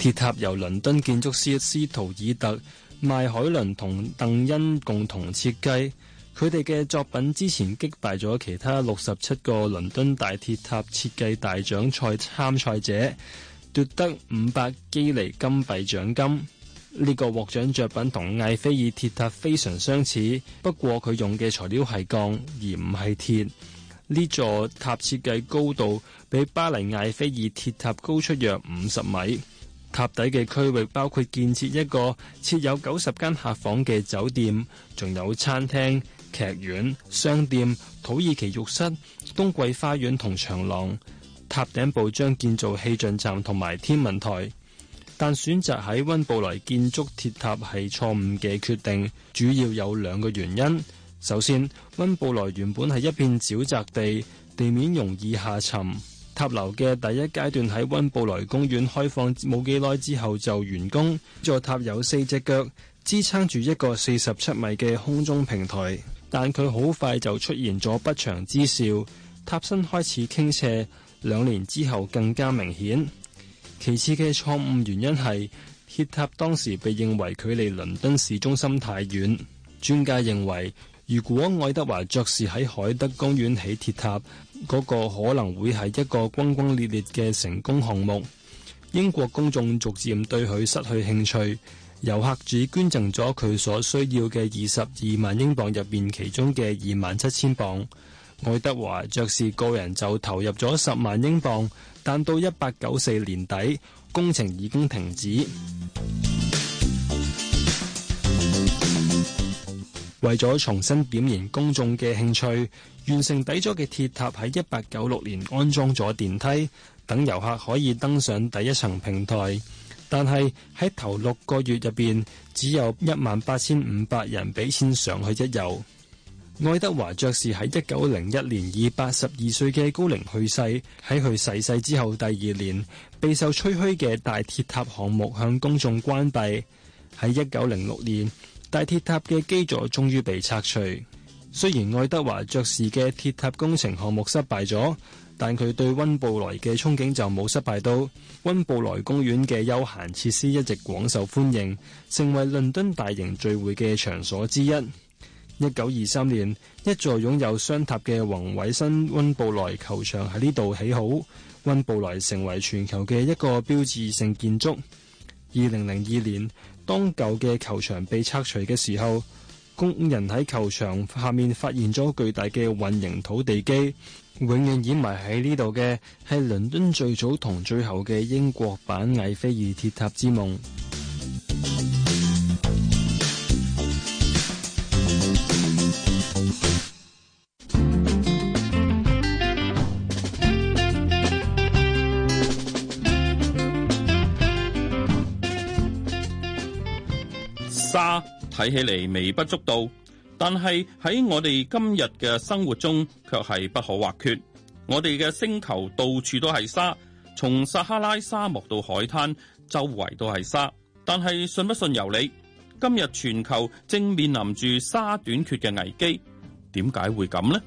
鐵塔由倫敦建築師司徒爾特、麥海倫同鄧恩共同設計，佢哋嘅作品之前擊敗咗其他六十七個倫敦大鐵塔設計大獎賽參賽者，奪得五百基尼金幣獎金。呢個獲獎作品同艾菲爾鐵塔非常相似，不過佢用嘅材料係鋼而唔係鐵。呢座塔設計高度比巴黎艾菲爾鐵塔高出約五十米。塔底嘅區域包括建設一個設有九十間客房嘅酒店，仲有餐廳、劇院、商店、土耳其浴室、冬季花園同長廊。塔頂部將建造氣象站同埋天文台。但選擇喺温布萊建築鐵塔係錯誤嘅決定，主要有兩個原因。首先，温布萊原本係一片沼澤地，地面容易下沉。塔樓嘅第一階段喺温布萊公園開放冇幾耐之後就完工，座塔有四隻腳支撐住一個四十七米嘅空中平台。但佢好快就出現咗不祥之兆，塔身開始傾斜，兩年之後更加明顯。其次嘅錯誤原因係鐵塔當時被認為距離倫敦市中心太遠。專家認為，如果愛德華爵士喺海德公園起鐵塔，嗰、那個可能會係一個轟轟烈烈嘅成功項目。英國公眾逐漸對佢失去興趣，遊客只捐贈咗佢所需要嘅二十二萬英鎊入面，其中嘅二萬七千鎊，愛德華爵士個人就投入咗十萬英鎊。但到一八九四年底，工程已經停止。為咗重新點燃公眾嘅興趣，完成底咗嘅鐵塔喺一八九六年安裝咗電梯，等遊客可以登上第一層平台。但係喺頭六個月入邊，只有一萬八千五百人俾錢上去一遊。愛德華爵士喺一九零一年以八十二歲嘅高齡去世。喺佢逝世之後第二年，備受吹嘘嘅大鐵塔項目向公眾關閉。喺一九零六年，大鐵塔嘅基座終於被拆除。雖然愛德華爵士嘅鐵塔工程項目失敗咗，但佢對温布萊嘅憧憬就冇失敗到。温布萊公園嘅休閒設施一直廣受歡迎，成為倫敦大型聚會嘅場所之一。一九二三年，一座擁有雙塔嘅宏偉新温布萊球場喺呢度起好，温布萊成為全球嘅一個標誌性建築。二零零二年，當舊嘅球場被拆除嘅時候，工人喺球場下面發現咗巨大嘅混凝土地基。永遠掩埋喺呢度嘅係倫敦最早同最後嘅英國版艾菲爾鐵塔之夢。睇起嚟微不足道，但係喺我哋今日嘅生活中卻係不可或缺。我哋嘅星球到處都係沙，從撒哈拉沙漠到海灘，周圍都係沙。但係信不信由你，今日全球正面臨住沙短缺嘅危機。點解會咁呢？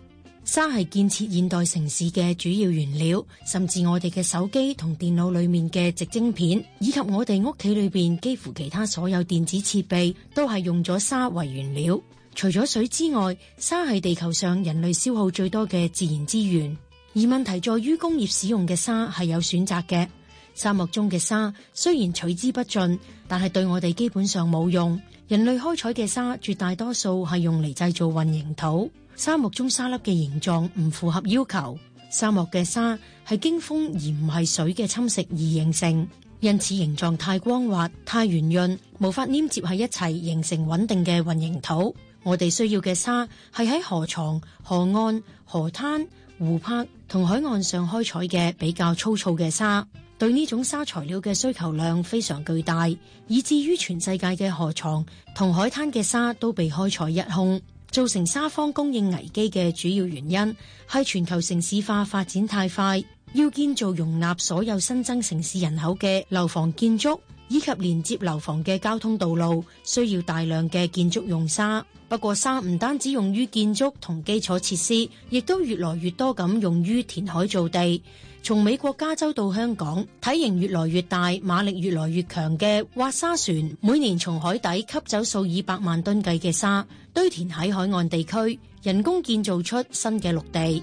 沙係建設現代城市嘅主要原料，甚至我哋嘅手機同電腦裏面嘅矽晶片，以及我哋屋企裏邊幾乎其他所有電子設備，都係用咗沙為原料。除咗水之外，沙係地球上人類消耗最多嘅自然資源。而問題在於工業使用嘅沙係有選擇嘅，沙漠中嘅沙雖然取之不盡，但係對我哋基本上冇用。人類開採嘅沙絕大多數係用嚟製造混凝土。沙漠中沙粒嘅形狀唔符合要求，沙漠嘅沙係經風而唔係水嘅侵蝕而形成，因此形狀太光滑、太圓潤，無法粘接喺一齊形成穩定嘅混凝土。我哋需要嘅沙係喺河床、河岸、河灘、湖泊同海岸上開採嘅比較粗糙嘅沙，對呢種沙材料嘅需求量非常巨大，以至於全世界嘅河床同海灘嘅沙都被開採一空。造成沙方供應危機嘅主要原因，係全球城市化發展太快，要建造容納所有新增城市人口嘅樓房建築。以及連接樓房嘅交通道路，需要大量嘅建築用沙。不過沙唔單止用於建築同基礎設施，亦都越來越多咁用於填海造地。從美國加州到香港，體型越來越大、馬力越來越強嘅挖沙船，每年從海底吸走數以百萬噸計嘅沙，堆填喺海岸地區，人工建造出新嘅陸地。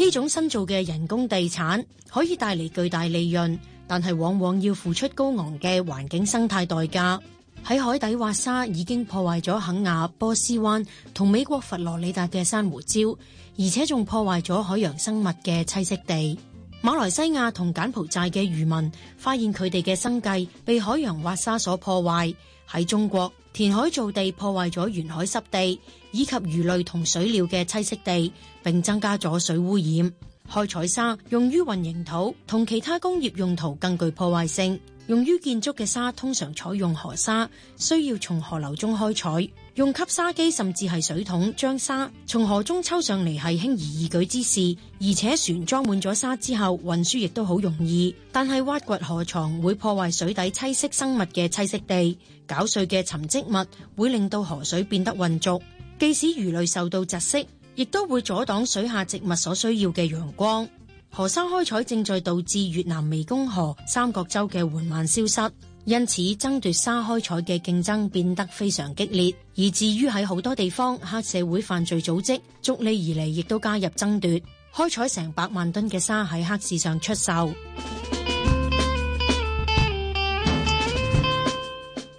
呢種新造嘅人工地產可以帶嚟巨大利潤，但係往往要付出高昂嘅環境生態代價。喺海底挖沙已經破壞咗肯亞波斯灣同美國佛羅里達嘅珊瑚礁，而且仲破壞咗海洋生物嘅棲息地。馬來西亞同柬埔寨嘅漁民發現佢哋嘅生計被海洋挖沙所破壞。喺中國，填海造地破壞咗沿海濕地，以及魚類同水鳥嘅棲息地，並增加咗水污染。開採沙用於混凝土同其他工業用途更具破壞性。用於建築嘅沙通常採用河沙，沙，需要從河流中開採。用吸沙機甚至係水桶將沙從河中抽上嚟係輕而易舉之事，而且船裝滿咗沙之後運輸亦都好容易。但係挖掘河床會破壞水底棲息生物嘅棲息地，攪碎嘅沉積物會令到河水變得渾濁。即使魚類受到窒息，亦都會阻擋水下植物所需要嘅陽光。河沙開採正在導致越南湄公河三角洲嘅緩慢消失，因此爭奪沙開採嘅競爭變得非常激烈，以至於喺好多地方黑社會犯罪組織逐利而嚟，亦都加入爭奪開採成百萬噸嘅沙喺黑市上出售。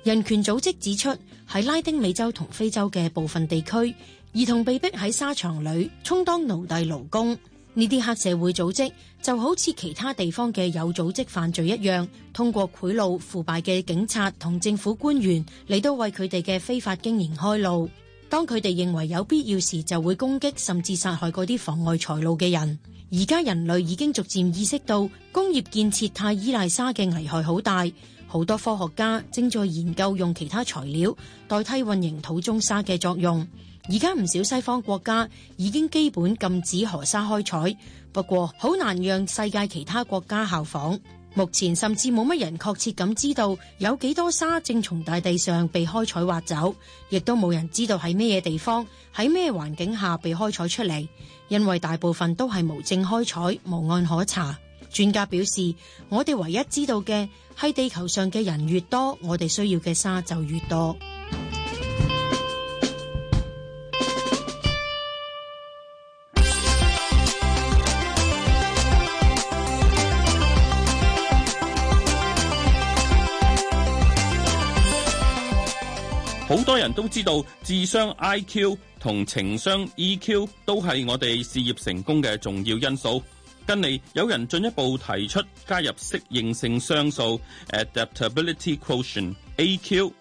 人權組織指出，喺拉丁美洲同非洲嘅部分地區，兒童被逼喺沙場裏充當奴隸勞工。呢啲黑社會組織就好似其他地方嘅有組織犯罪一樣，通過賄賂腐敗嘅警察同政府官員嚟到為佢哋嘅非法經營開路。當佢哋認為有必要時，就會攻擊甚至殺害嗰啲妨礙財路嘅人。而家人類已經逐漸意識到工業建設太依賴沙嘅危害好大。好多科學家正在研究用其他材料代替運營土中沙嘅作用。而家唔少西方國家已經基本禁止河沙開採，不過好難讓世界其他國家效仿。目前甚至冇乜人確切咁知道有幾多沙正從大地上被開採挖走，亦都冇人知道喺咩嘢地方、喺咩環境下被開採出嚟，因為大部分都係無證開採、無案可查。專家表示，我哋唯一知道嘅係地球上嘅人越多，我哋需要嘅沙就越多。好多人都知道，智商 IQ 同情商 EQ 都係我哋事業成功嘅重要因素。近嚟有人進一步提出加入適應性商數 （Adaptability Quotient，AQ）。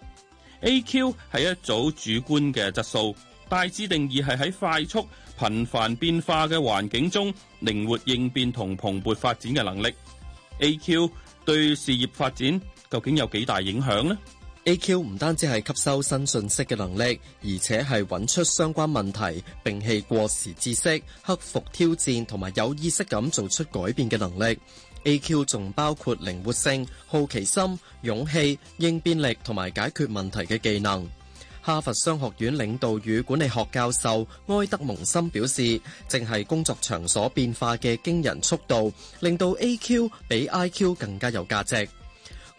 AQ 係一組主觀嘅質素，大致定義係喺快速、頻繁變化嘅環境中，靈活應變同蓬勃發展嘅能力。AQ 對事業發展究竟有幾大影響呢？AQ 唔單止係吸收新信息嘅能力，而且係揾出相關問題、摒棄過時知識、克服挑戰同埋有意識咁做出改變嘅能力。AQ 仲包括靈活性、好奇心、勇氣、應變力同埋解決問題嘅技能。哈佛商學院領導與管理學教授埃德蒙森表示，正係工作場所變化嘅驚人速度，令到 AQ 比 IQ 更加有價值。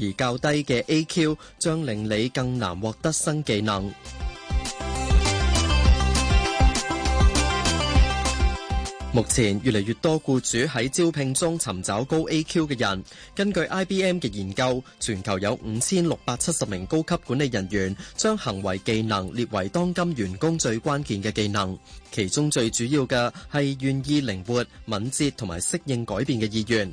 而較低嘅 AQ 將令你更難獲得新技能。目前越嚟越多僱主喺招聘中尋找高 AQ 嘅人。根據 IBM 嘅研究，全球有5670名高級管理人員將行為技能列為當今員工最關鍵嘅技能。其中最主要嘅係願意靈活、敏捷同埋適應改變嘅意願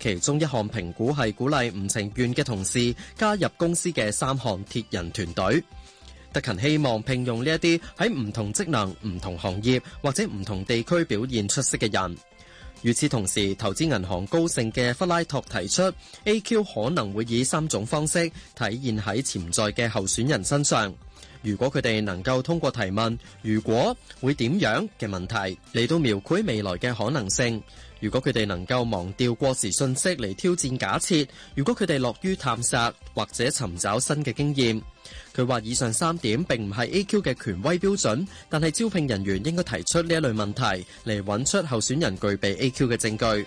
其中一項評估係鼓勵唔情願嘅同事加入公司嘅三項鐵人團隊。特勤希望聘用呢一啲喺唔同職能、唔同行業或者唔同地區表現出色嘅人。與此同時，投資銀行高盛嘅弗拉托提出，AQ 可能會以三種方式體現喺潛在嘅候選人身上。如果佢哋能夠通過提問，如果會點樣嘅問題嚟到描繪未來嘅可能性；如果佢哋能夠忘掉過時信息嚟挑戰假設；如果佢哋樂於探索或者尋找新嘅經驗，佢話以上三點並唔係 A Q 嘅權威標準，但係招聘人員應該提出呢一類問題嚟揾出候選人具備 A Q 嘅證據。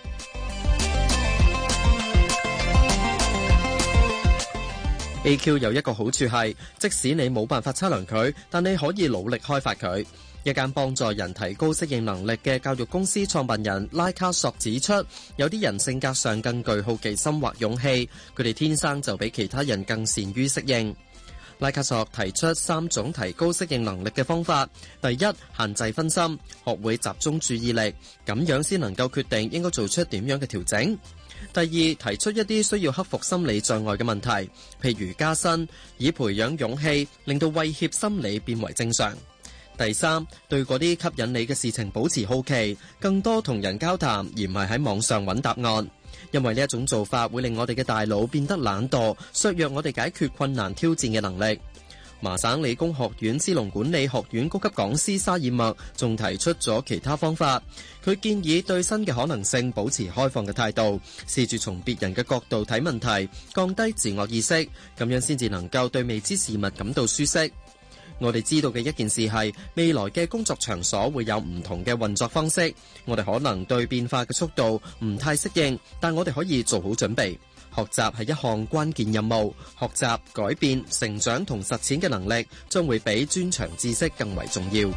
AQ 有一個好處係，即使你冇辦法測量佢，但你可以努力開發佢。一間幫助人提高適應能力嘅教育公司創辦人拉卡索指出，有啲人性格上更具好奇心或勇氣，佢哋天生就比其他人更善於適應。拉卡索提出三種提高適應能力嘅方法。第一，限制分心，學會集中注意力，咁樣先能夠決定應該做出點樣嘅調整。第二，提出一啲需要克服心理障礙嘅問題，譬如加薪，以培養勇氣，令到威脅心理變為正常。第三，對嗰啲吸引你嘅事情保持好奇，更多同人交談，而唔係喺網上揾答案，因為呢一種做法會令我哋嘅大腦變得懶惰，削弱我哋解決困難挑戰嘅能力。麻省理工學院斯隆管理學院高級講師沙爾默仲提出咗其他方法，佢建議對新嘅可能性保持開放嘅態度，試住從別人嘅角度睇問題，降低自我意識，咁樣先至能夠對未知事物感到舒適。我哋知道嘅一件事係未來嘅工作場所會有唔同嘅運作方式，我哋可能對變化嘅速度唔太適應，但我哋可以做好準備。學習係一項關鍵任務，學習改變、成長同實踐嘅能力將會比專長知識更為重要。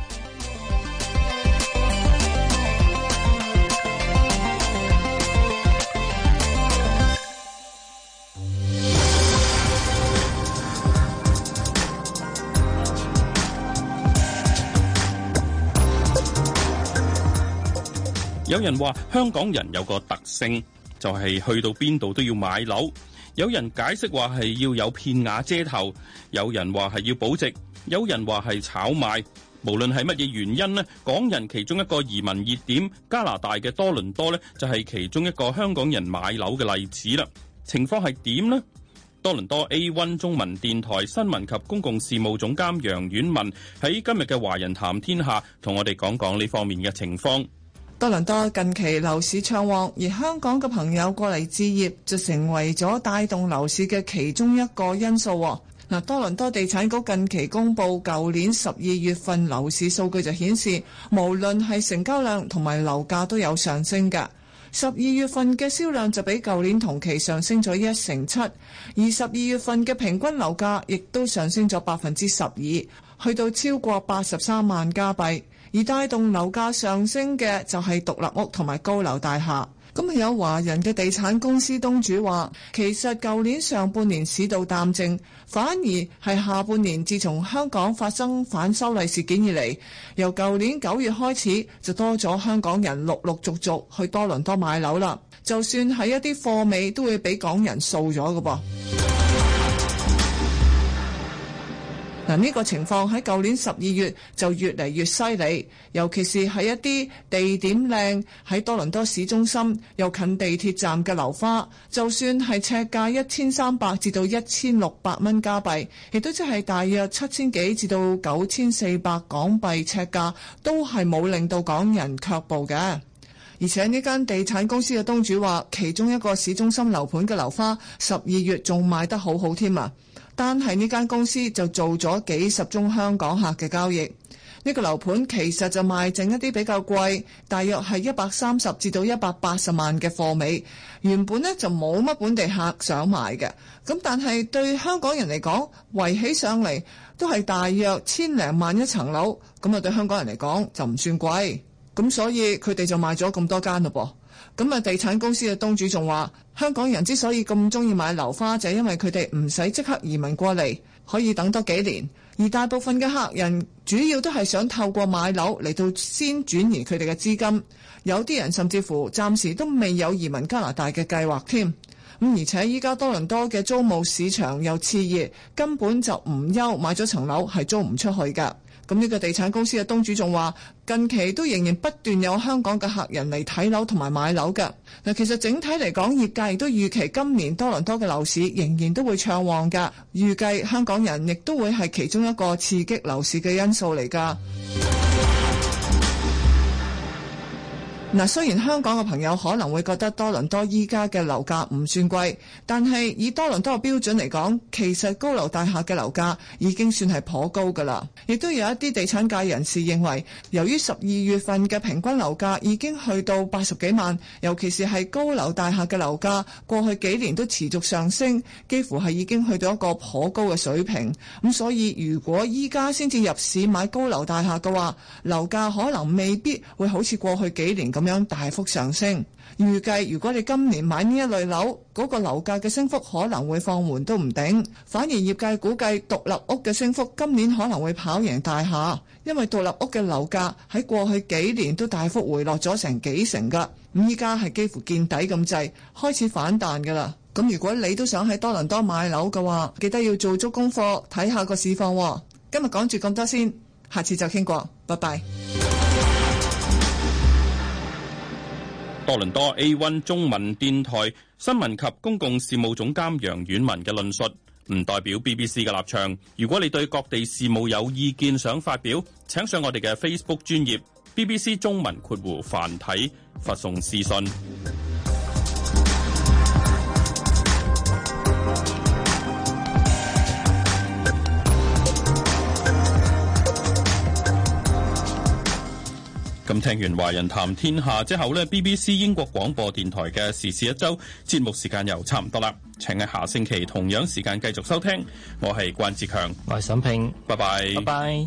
有人話，香港人有個特性。就係去到邊度都要買樓。有人解釋話係要有片瓦遮頭，有人話係要保值，有人話係炒賣。無論係乜嘢原因呢，港人其中一個移民熱點加拿大嘅多倫多呢就係、是、其中一個香港人買樓嘅例子啦。情況係點呢？多倫多 A One 中文電台新聞及公共事務總監楊婉文喺今日嘅華人談天下同我哋講講呢方面嘅情況。多倫多近期樓市暢旺，而香港嘅朋友過嚟置業就成為咗帶動樓市嘅其中一個因素。嗱，多倫多地產局近期公布舊年十二月份樓市數據就顯示，無論係成交量同埋樓價都有上升㗎。十二月份嘅銷量就比舊年同期上升咗一成七，而十二月份嘅平均樓價亦都上升咗百分之十二，去到超過八十三萬加幣。而帶動樓價上升嘅就係獨立屋同埋高樓大廈。咁有華人嘅地產公司東主話，其實舊年上半年市道淡靜，反而係下半年。自從香港發生反修例事件以嚟，由舊年九月開始就多咗香港人陸陸續續去多倫多買樓啦。就算係一啲貨尾，都會俾港人掃咗㗎噃。呢個情況喺舊年十二月就越嚟越犀利，尤其是喺一啲地點靚、喺多倫多市中心又近地鐵站嘅樓花，就算係尺價一千三百至到一千六百蚊加幣，亦都即係大約七千幾至到九千四百港幣尺價，都係冇令到港人卻步嘅。而且呢間地產公司嘅東主話，其中一個市中心樓盤嘅樓花，十二月仲賣得好好添啊！單係呢間公司就做咗幾十宗香港客嘅交易，呢個樓盤其實就賣剩一啲比較貴，大約係一百三十至到一百八十萬嘅貨尾。原本呢就冇乜本地客想買嘅，咁但係對香港人嚟講，圍起上嚟都係大約千零萬一層樓，咁啊對香港人嚟講就唔算貴，咁所以佢哋就賣咗咁多間咯噃。咁啊，地產公司嘅東主仲話，香港人之所以咁中意買樓花，就係因為佢哋唔使即刻移民過嚟，可以等多幾年。而大部分嘅客人主要都係想透過買樓嚟到先轉移佢哋嘅資金。有啲人甚至乎暫時都未有移民加拿大嘅計劃添。咁而且依家多倫多嘅租務市場又熾熱，根本就唔憂，買咗層樓係租唔出去噶。咁呢個地產公司嘅東主仲話，近期都仍然不斷有香港嘅客人嚟睇樓同埋買樓㗎。嗱，其實整體嚟講，業界亦都預期今年多倫多嘅樓市仍然都會暢旺㗎，預計香港人亦都會係其中一個刺激樓市嘅因素嚟㗎。嗱，雖然香港嘅朋友可能會覺得多倫多依家嘅樓價唔算貴，但係以多倫多嘅標準嚟講，其實高樓大廈嘅樓價已經算係頗高㗎啦。亦都有一啲地產界人士認為，由於十二月份嘅平均樓價已經去到八十幾萬，尤其是係高樓大廈嘅樓價過去幾年都持續上升，幾乎係已經去到一個頗高嘅水平。咁所以，如果依家先至入市買高樓大廈嘅話，樓價可能未必會好似過去幾年咁。咁樣大幅上升。預計如果你今年買呢一類樓，嗰個樓價嘅升幅可能會放緩都唔定，反而業界估計獨立屋嘅升幅今年可能會跑贏大廈，因為獨立屋嘅樓價喺過去幾年都大幅回落咗成幾成噶，咁依家係幾乎見底咁滯，開始反彈噶啦。咁如果你都想喺多倫多買樓嘅話，記得要做足功課，睇下個市況喎。今日講住咁多先，下次就傾過，拜拜。多倫多 A One 中文電台新聞及公共事務總監楊婉文嘅論述唔代表 BBC 嘅立場。如果你對各地事務有意見想發表，請上我哋嘅 Facebook 專頁 BBC 中文括弧繁體發送私信。咁聽完華人談天下之後呢，BBC 英國廣播電台嘅時事一周節目時間又差唔多啦。請喺下星期同樣時間繼續收聽。我係關志強，我係沈平，拜拜 bye，拜拜。